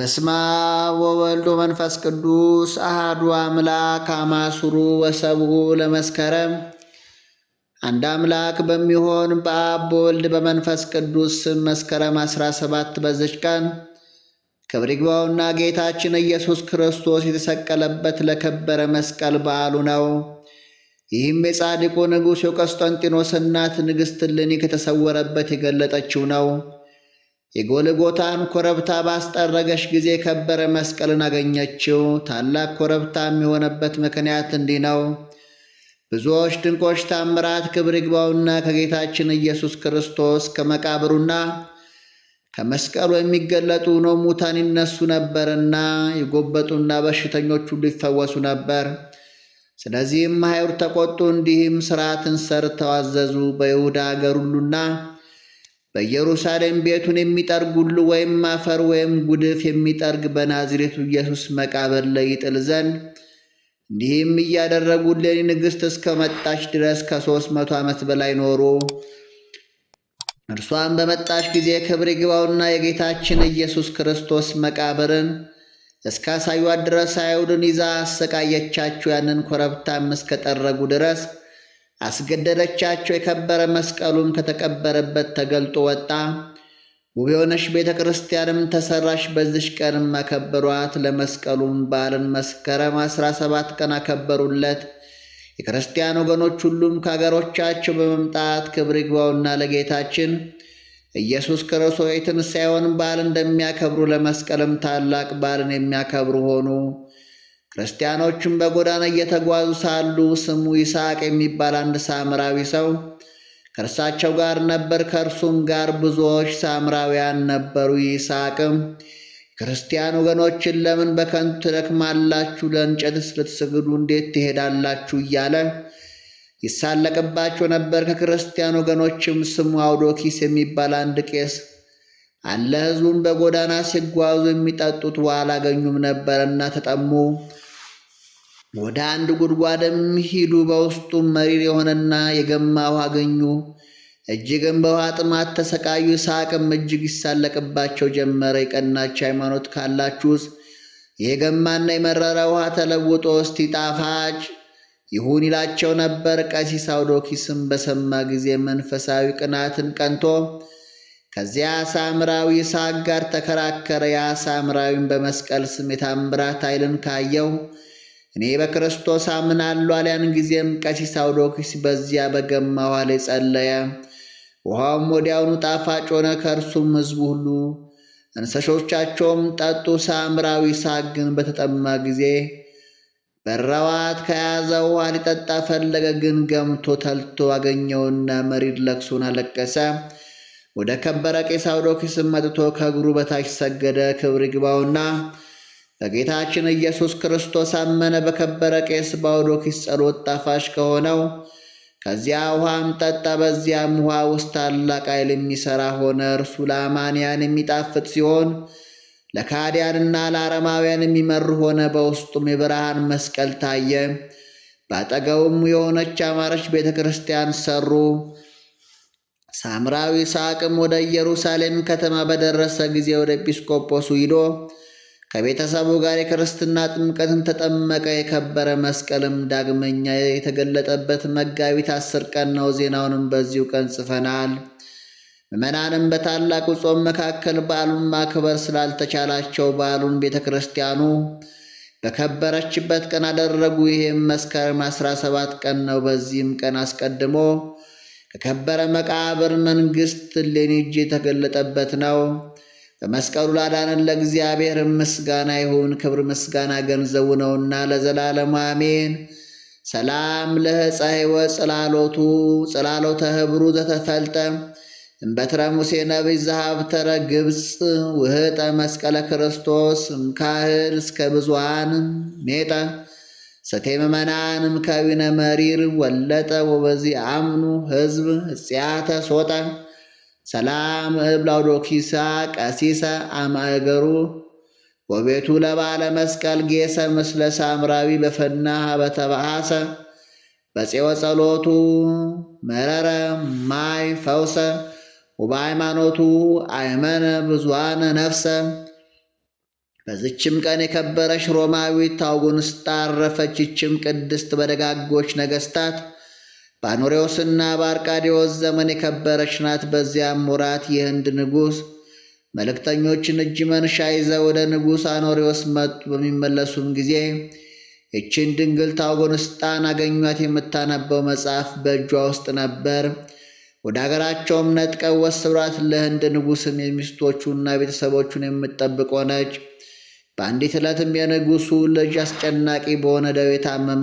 በስማ ወወልድ ወመንፈስ ቅዱስ አሃዱ አምላክ አማስሩ ወሰቡ ለመስከረም። አንድ አምላክ በሚሆን በአብ በወልድ በመንፈስ ቅዱስ ስም መስከረም 17 በዚች ቀን ክብር ይግባውና ጌታችን ኢየሱስ ክርስቶስ የተሰቀለበት ለከበረ መስቀል በዓሉ ነው። ይህም የጻድቁ ንጉሥ የቆስጠንጢኖስ እናት ንግሥት እሌኒ ከተሰወረበት የገለጠችው ነው። የጎልጎታን ኮረብታ ባስጠረገች ጊዜ የከበረ መስቀልን አገኘችው። ታላቅ ኮረብታ የሚሆነበት ምክንያት እንዲህ ነው። ብዙዎች ድንቆች ታምራት ክብር ይግባውና ከጌታችን ኢየሱስ ክርስቶስ ከመቃብሩና ከመስቀሉ የሚገለጡ ነው ሙታን ይነሱ ነበርና የጎበጡና በሽተኞች ሁሉ ይፈወሱ ነበር። ስለዚህም አይሁድ ተቆጡ፣ እንዲህም ስርዓትን ሰርተው አዘዙ በይሁዳ አገር ሁሉና በኢየሩሳሌም ቤቱን የሚጠርግ ሁሉ ወይም አፈር ወይም ጉድፍ የሚጠርግ በናዝሬቱ ኢየሱስ መቃብር ላይ ይጥል ዘንድ እንዲህም እያደረጉልን ንግሥት እስከ መጣች ድረስ ከሦስት መቶ ዓመት በላይ ኖሩ። እርሷን በመጣች ጊዜ ክብር ይግባውና የጌታችን ኢየሱስ ክርስቶስ መቃብርን እስካሳዩት ድረስ አይሁድን ይዛ አሰቃየቻቸው። ያንን ኮረብታም እስከጠረጉ ድረስ አስገደለቻቸው። የከበረ መስቀሉም ከተቀበረበት ተገልጦ ወጣ። ውብ የሆነች ቤተ ክርስቲያንም ተሰራሽ። በዚች ቀንም አከበሯት። ለመስቀሉም በዓልን መስከረም አስራ ሰባት ቀን አከበሩለት። የክርስቲያን ወገኖች ሁሉም ከአገሮቻቸው በመምጣት ክብር ይግባውና ለጌታችን ኢየሱስ ክርስቶስ የትንሣኤውን በዓል እንደሚያከብሩ ለመስቀልም ታላቅ በዓልን የሚያከብሩ ሆኑ። ክርስቲያኖቹም በጎዳና እየተጓዙ ሳሉ ስሙ ይስሐቅ የሚባል አንድ ሳምራዊ ሰው ከእርሳቸው ጋር ነበር። ከእርሱም ጋር ብዙዎች ሳምራውያን ነበሩ። ይስሐቅም ክርስቲያን ወገኖችን ለምን በከንቱ ትደክማላችሁ? ለእንጨትስ ልትሰግዱ እንዴት ትሄዳላችሁ? እያለ ይሳለቅባቸው ነበር። ከክርስቲያን ወገኖችም ስሙ አውዶኪስ የሚባል አንድ ቄስ አለ ህዝቡን በጎዳና ሲጓዙ የሚጠጡት ውሃ አላገኙም ነበርና ተጠሙ። ወደ አንድ ጉድጓድም ሂዱ፣ በውስጡም መሪር የሆነና የገማ ውሃ አገኙ። እጅግም በውሃ ጥማት ተሰቃዩ። ሳቅም እጅግ ይሳለቅባቸው ጀመረ። የቀናች ሃይማኖት ካላችሁስ የገማና የመረረ ውሃ ተለውጦ እስቲ ጣፋጭ ይሁን ይላቸው ነበር። ቀሲስ አውዶኪስም በሰማ ጊዜ መንፈሳዊ ቅናትን ቀንቶ ከዚያ ሳምራዊ ይስሐቅ ጋር ተከራከረ። ያ ሳምራዊን በመስቀል ስም የታምራት ኃይልን ካየው እኔ በክርስቶስ አምናለሁ አለ። ያን ጊዜም ቀሲስ አውዶክስ በዚያ በገማ ውኃ ላይ ጸለየ። ወዲያውኑ ጣፋጭ ሆነ። ከእርሱም ሕዝቡ ሁሉ እንስሶቻቸውም ጠጡ። ሳምራዊ ይስሐቅ ግን በተጠማ ጊዜ በረዋት ከያዘው ውሃ ሊጠጣ ፈለገ። ግን ገምቶ ተልቶ አገኘውና መሪር ለቅሶን አለቀሰ። ወደ ከበረ ቄሳውዶክስም መጥቶ ከእግሩ በታች ሰገደ። ክብር ግባውና በጌታችን ኢየሱስ ክርስቶስ አመነ። በከበረ ቄስ በአውዶክስ ጸሎት ጣፋሽ ከሆነው ከዚያ ውሃም ጠጣ። በዚያም ውሃ ውስጥ ታላቅ ኃይል የሚሠራ ሆነ። እርሱ ለአማንያን የሚጣፍጥ ሲሆን ለካዲያንና ለአረማውያን የሚመር ሆነ። በውስጡም የብርሃን መስቀል ታየ። በአጠገቡም የሆነች አማረች ቤተ ክርስቲያን ሠሩ። ሳምራዊ ይስሐቅም ወደ ኢየሩሳሌም ከተማ በደረሰ ጊዜ ወደ ኤጲስቆጶሱ ሂዶ ከቤተሰቡ ጋር የክርስትና ጥምቀትን ተጠመቀ። የከበረ መስቀልም ዳግመኛ የተገለጠበት መጋቢት አስር ቀን ነው። ዜናውንም በዚሁ ቀን ጽፈናል። ምዕመናንም በታላቁ ጾም መካከል በዓሉን ማክበር ስላልተቻላቸው በዓሉን ቤተ ክርስቲያኑ በከበረችበት ቀን አደረጉ። ይህም መስከረም 17 ቀን ነው። በዚህም ቀን አስቀድሞ የከበረ መቃብር መንግሥት ሌኒ እጅ የተገለጠበት ነው። በመስቀሉ ላዳነን ለእግዚአብሔር ምስጋና ይሁን። ክብር ምስጋና ገንዘቡ ነውና ለዘላለሙ አሜን። ሰላም ለህፃ ሕይወት ጽላሎቱ ጽላሎተ ህብሩ ዘተፈልጠ እምበትረ ሙሴ ነቢይ ዘሀብተረ ግብፅ ውህጠ መስቀለ ክርስቶስ እምካህል እስከ ብዙሃን ሜጠ ሰቴምመናንም ከዊነ መሪር ወለጠ ወበዚ አምኑ ህዝብ እጽያተ ሶጠ ሰላም እብላውዶኪሳ ቀሲሰ አማእገሩ ወቤቱ ለባለ መስቀል ጌሰ ምስለ ሳምራዊ በፈና በተባሃሰ በፄወ ጸሎቱ መረረ ማይ ፈውሰ ወበሃይማኖቱ አይመነ ብዙሃነ ነፍሰ በዝችም ቀን የከበረች ሮማዊት አውጉንስጣ አረፈች። ይችም ቅድስት በደጋጎች ነገስታት በአኖሬዎስና በአርቃዲዎስ ዘመን የከበረች ናት። በዚያም ሙራት የህንድ ንጉሥ መልእክተኞችን እጅ መንሻ ይዘው ወደ ንጉሥ አኖሬዎስ መጡ። በሚመለሱም ጊዜ ይችን ድንግል ታውጎንስጣን አገኟት። የምታነበው መጽሐፍ በእጇ ውስጥ ነበር። ወደ አገራቸውም ነጥቀው ወሰዷት። ለህንድ ንጉሥም የሚስቶቹና ቤተሰቦቹን የምትጠብቅ ሆነች። በአንዲት ዕለትም የንጉሱ ልጅ አስጨናቂ በሆነ ደዌ ታመመ።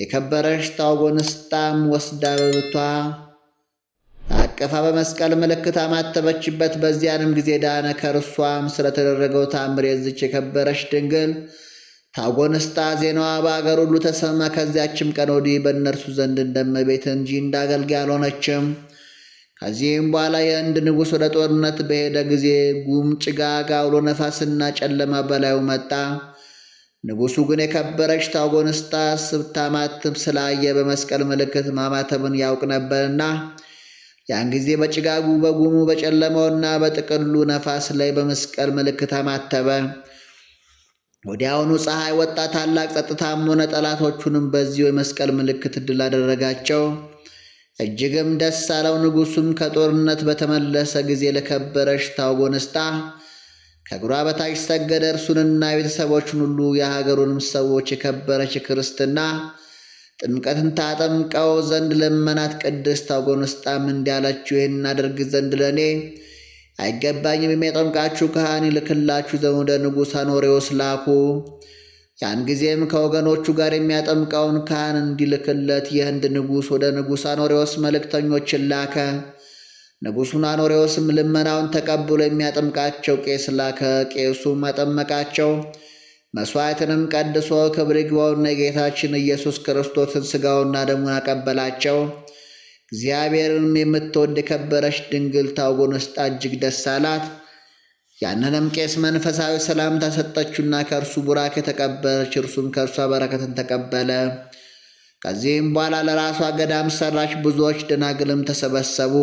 የከበረች ታውጎንስጣም ወስዳ በብቷ አቀፋ በመስቀል ምልክት አማተበችበት። በዚያንም ጊዜ ዳነ። ከእርሷም ስለተደረገው ታምር የዝች የከበረች ድንግል ታጎንስጣ ዜናዋ በአገር ሁሉ ተሰማ። ከዚያችም ቀን ወዲህ በእነርሱ ዘንድ እንደመቤት እንጂ እንዳገልጋይ አልሆነችም። ከዚህም በኋላ የህንድ ንጉሥ ወደ ጦርነት በሄደ ጊዜ ጉም፣ ጭጋግ፣ አውሎ ነፋስና ጨለማ በላዩ መጣ። ንጉሡ ግን የከበረች ታጎንስታ ስብታማትም ስላየ በመስቀል ምልክት ማማተብን ያውቅ ነበርና ያን ጊዜ በጭጋጉ በጉሙ በጨለማውና በጥቅሉ ነፋስ ላይ በመስቀል ምልክት አማተበ። ወዲያውኑ ፀሐይ ወጣ። ታላቅ ጸጥታም ሆነ። ጠላቶቹንም በዚሁ የመስቀል ምልክት ድል አደረጋቸው። እጅግም ደስ አለው። ንጉሱም ከጦርነት በተመለሰ ጊዜ ለከበረች ሽታውጎንስጣ ከእግሯ በታች ሰገደ። እርሱንና ቤተሰቦችን ሁሉ የሀገሩንም ሰዎች የከበረች ክርስትና ጥምቀትን ታጠምቀው ዘንድ ለመናት። ቅድስት አውጎንስጣም እንዲያለችው ይህን እናደርግ ዘንድ ለእኔ አይገባኝም፣ የሚያጠምቃችሁ ካህን ይልክላችሁ ዘንድ ወደ ንጉሥ አኖሬዎስ ላኩ። ያን ጊዜም ከወገኖቹ ጋር የሚያጠምቀውን ካህን እንዲልክለት የህንድ ንጉሥ ወደ ንጉሥ አኖሬዎስ መልእክተኞችን ላከ። ንጉሡን አኖሬዎስም ልመናውን ተቀብሎ የሚያጠምቃቸው ቄስ ላከ። ቄሱ አጠመቃቸው። መሥዋዕትንም ቀድሶ ክብር ይግባውና የጌታችን ኢየሱስ ክርስቶስን ሥጋውና ደሙን አቀበላቸው። እግዚአብሔርንም የምትወድ የከበረች ድንግል ታውጎንስጣ እጅግ ደስ አላት። ያንንም ቄስ መንፈሳዊ ሰላምታ ሰጠችውና ከእርሱ ቡራክ የተቀበለች እርሱም ከእርሷ በረከትን ተቀበለ። ከዚህም በኋላ ለራሷ ገዳም ሰራች። ብዙዎች ደናግልም ተሰበሰቡ።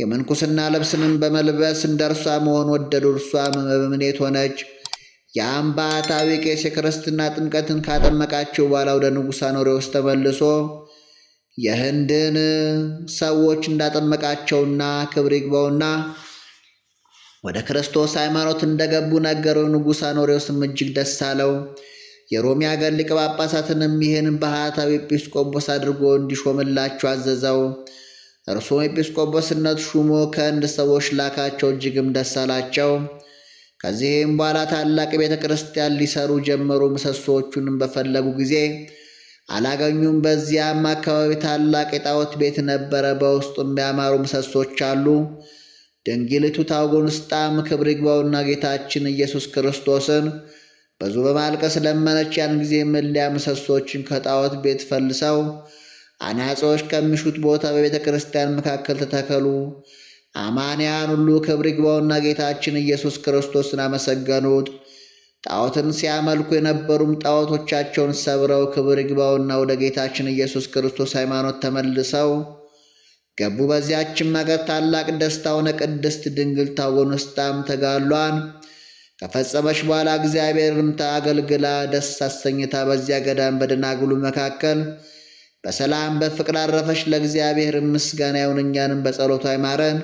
የምንኩስና ልብስንም በመልበስ እንደ እርሷ መሆን ወደዱ። እርሷም መምኔት ሆነች። የአምባታዊ ቄስ የክርስትና ጥምቀትን ካጠመቃቸው በኋላ ወደ ንጉሥ ውስጥ ተመልሶ የህንድን ሰዎች እንዳጠመቃቸውና ክብር ይግባውና ወደ ክርስቶስ ሃይማኖት እንደገቡ ነገረው። ንጉሥ አኖሪዎስም እጅግ ደስ አለው። የሮሚ አገር ሊቀ ጳጳሳትንም ይህን ባህታዊ ኤጲስቆጶስ አድርጎ እንዲሾምላቸው አዘዘው። እርሱም ኤጲስቆጶስነት ሹሞ ከህንድ ሰዎች ላካቸው። እጅግም ደስ አላቸው። ከዚህም በኋላ ታላቅ ቤተ ክርስቲያን ሊሰሩ ጀመሩ። ምሰሶዎቹንም በፈለጉ ጊዜ አላገኙም። በዚያም አካባቢ ታላቅ የጣዖት ቤት ነበረ። በውስጡም ያማሩ ምሰሶች አሉ። ደንጊልቱ ታውጎንስጣም ክብር ይግባውና ጌታችን ኢየሱስ ክርስቶስን ብዙ በማልቀስ ለመነች። ያን ጊዜ መለያ ምሰሶችን ከጣዖት ቤት ፈልሰው አናጺዎች ከሚሹት ቦታ በቤተ ክርስቲያን መካከል ተተከሉ። አማንያን ሁሉ ክብር ይግባውና ጌታችን ኢየሱስ ክርስቶስን አመሰገኑት። ጣዖትን ሲያመልኩ የነበሩም ጣዖቶቻቸውን ሰብረው ክብር ይግባውና ወደ ጌታችን ኢየሱስ ክርስቶስ ሃይማኖት ተመልሰው ገቡ። በዚያችም አገር ታላቅ ደስታ ሆነ። ቅድስት ድንግል ታወኑስታም ተጋሏን ከፈጸመች በኋላ እግዚአብሔርም አገልግላ ደስ አሰኝታ በዚያ ገዳም በደናግሉ መካከል በሰላም በፍቅር አረፈች። ለእግዚአብሔር ምስጋና ይሁን፣ እኛንም በጸሎቷ ይማረን፣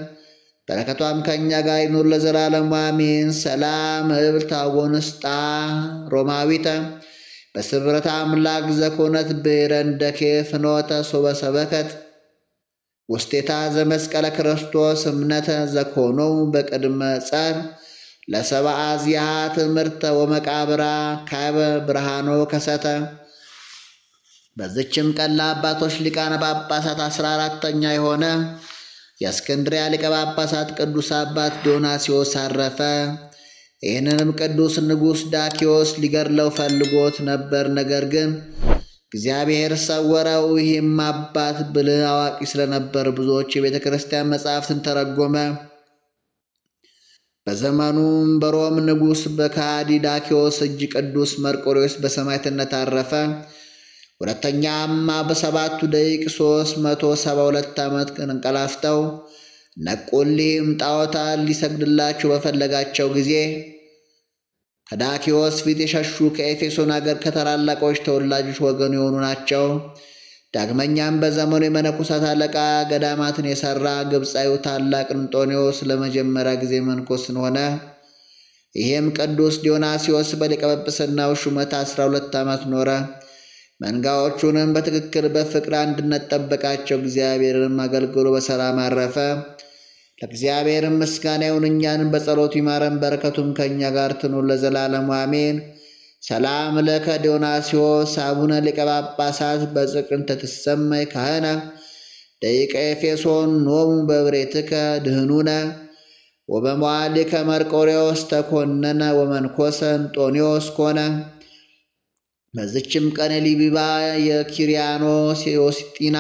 በረከቷም ከእኛ ጋር ይኑር ለዘላለሙ አሜን። ሰላም እብል ታወንስጣ ሮማዊተ በስብረት አምላክ ዘኮነት ብረንደኬ ፍኖተ ሶበሰበከት ውስቴታ ዘመስቀለ ክርስቶስ እምነተ ዘኮኖ በቅድመ ጸር ለሰብአ ዚሃ ትምህርተ ወመቃብራ ካበ ብርሃኖ ከሰተ። በዝችም ቀን ለአባቶች ሊቃነ ጳጳሳት አስራ አራተኛ የሆነ የእስክንድሪያ ሊቀ ጳጳሳት ቅዱስ አባት ዶናሲዎስ አረፈ። ይህንንም ቅዱስ ንጉሥ ዳኪዎስ ሊገድለው ፈልጎት ነበር፣ ነገር ግን እግዚአብሔር ሰወረው። ይህም አባት ብልህ አዋቂ ስለነበር ብዙዎች የቤተ ክርስቲያን መጽሐፍትን ተረጎመ። በዘመኑም በሮም ንጉሥ በካዲ ዳኪዎስ እጅ ቅዱስ መርቆሪዎስ በሰማዕትነት አረፈ። ሁለተኛም በሰባቱ ደቂቅ 372 መቶ ሰባ ሁለት ዓመት እንቀላፍተው ነቁሊም ጣዖታት ሊሰግድላቸው በፈለጋቸው ጊዜ ከዳኪዎስ ፊት የሸሹ ከኤፌሶን አገር ከታላላቆች ተወላጆች ወገኑ የሆኑ ናቸው። ዳግመኛም በዘመኑ የመነኮሳት አለቃ ገዳማትን የሠራ ግብፃዊው ታላቅ እንጦንዮስ ለመጀመሪያ ጊዜ መንኮስን ሆነ። ይህም ቅዱስ ዲዮናሲዎስ በሊቀ ጵጵስናው ሹመት አሥራ ሁለት ዓመት ኖረ። መንጋዎቹንም በትክክል በፍቅር አንድነት ጠበቃቸው፣ እግዚአብሔርንም አገልግሎ በሰላም አረፈ። ለእግዚአብሔርም ምስጋና ይሁን፣ እኛንም በጸሎቱ ይማረን፣ በረከቱም ከእኛ ጋር ትኑር ለዘላለሙ አሜን። ሰላም ለከ ዲዮናስዮስ አቡነ ሊቀ ጳጳሳት በጽቅንተ ትሰመይ ካህነ ደቂቀ ኤፌሶን ኖሙ በብሬትከ ድህኑነ ወበመዋሊ መርቆሬዎስ ተኮነነ ወመንኮሰ እንጦንዮስ ኮነ። በዝችም ቀን ሊቢባ የኪሪያኖስ ዮስጢና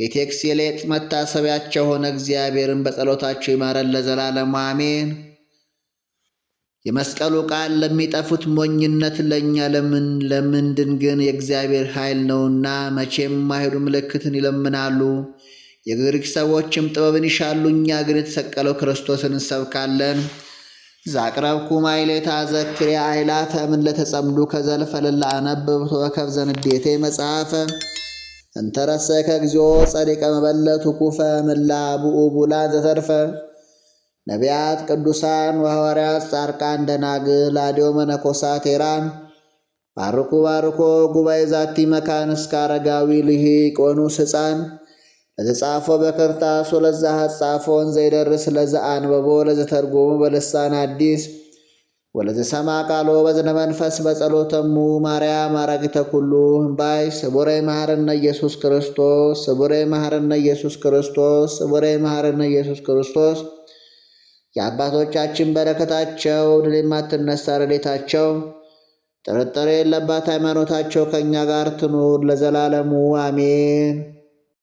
የቴክስ የሌጥ መታሰቢያቸው ሆነ። እግዚአብሔርን በጸሎታቸው ይማረን ለዘላለሙ አሜን። የመስቀሉ ቃል ለሚጠፉት ሞኝነት፣ ለእኛ ለምን ለምንድን ግን የእግዚአብሔር ኃይል ነውና። መቼም አይሁድ ምልክትን ይለምናሉ፣ የግሪክ ሰዎችም ጥበብን ይሻሉ። እኛ ግን የተሰቀለው ክርስቶስን እንሰብካለን። ዛቅረብኩ ማይሌታ ዘክርያ አይላፈ ምን ለተጸምዱ ከዘልፈ ልላ ከብዘን ተወከብ መጽሐፈ እንተረሰከ ከእግዚኦ ጸሪቀ መበለት ኩፈ ምላ ብኡቡላ ዘተርፈ ነቢያት፣ ቅዱሳን ወሐዋርያት፣ ጻርቃን፣ ደናግል፣ አዲዮ መነኮሳት ቴራን ባርኩ ባርኮ ጉባኤ ዛቲ መካን እስከ አረጋዊ ልሂቅ ወኑስ ሕፃን ለተጻፎ በክርታስ ወለዛ ሐጻፎን ዘይደርስ ለዛ አንበቦ ለዘተርጎሙ በልሳን አዲስ ሰማ ቃሎ በዝነ መንፈስ በጸሎተሙ ማርያም አራጊተ ኩሉ እምባይ ስቡረ መሐረነ ኢየሱስ ክርስቶስ ስቡረ መሐረነ ኢየሱስ ክርስቶስ ስቡረ መሐረነ ኢየሱስ ክርስቶስ የአባቶቻችን በረከታቸው ድል የማትነሳ ረድኤታቸው ጥርጥር የለባት ሃይማኖታቸው ከእኛ ጋር ትኑር ለዘላለሙ አሜን።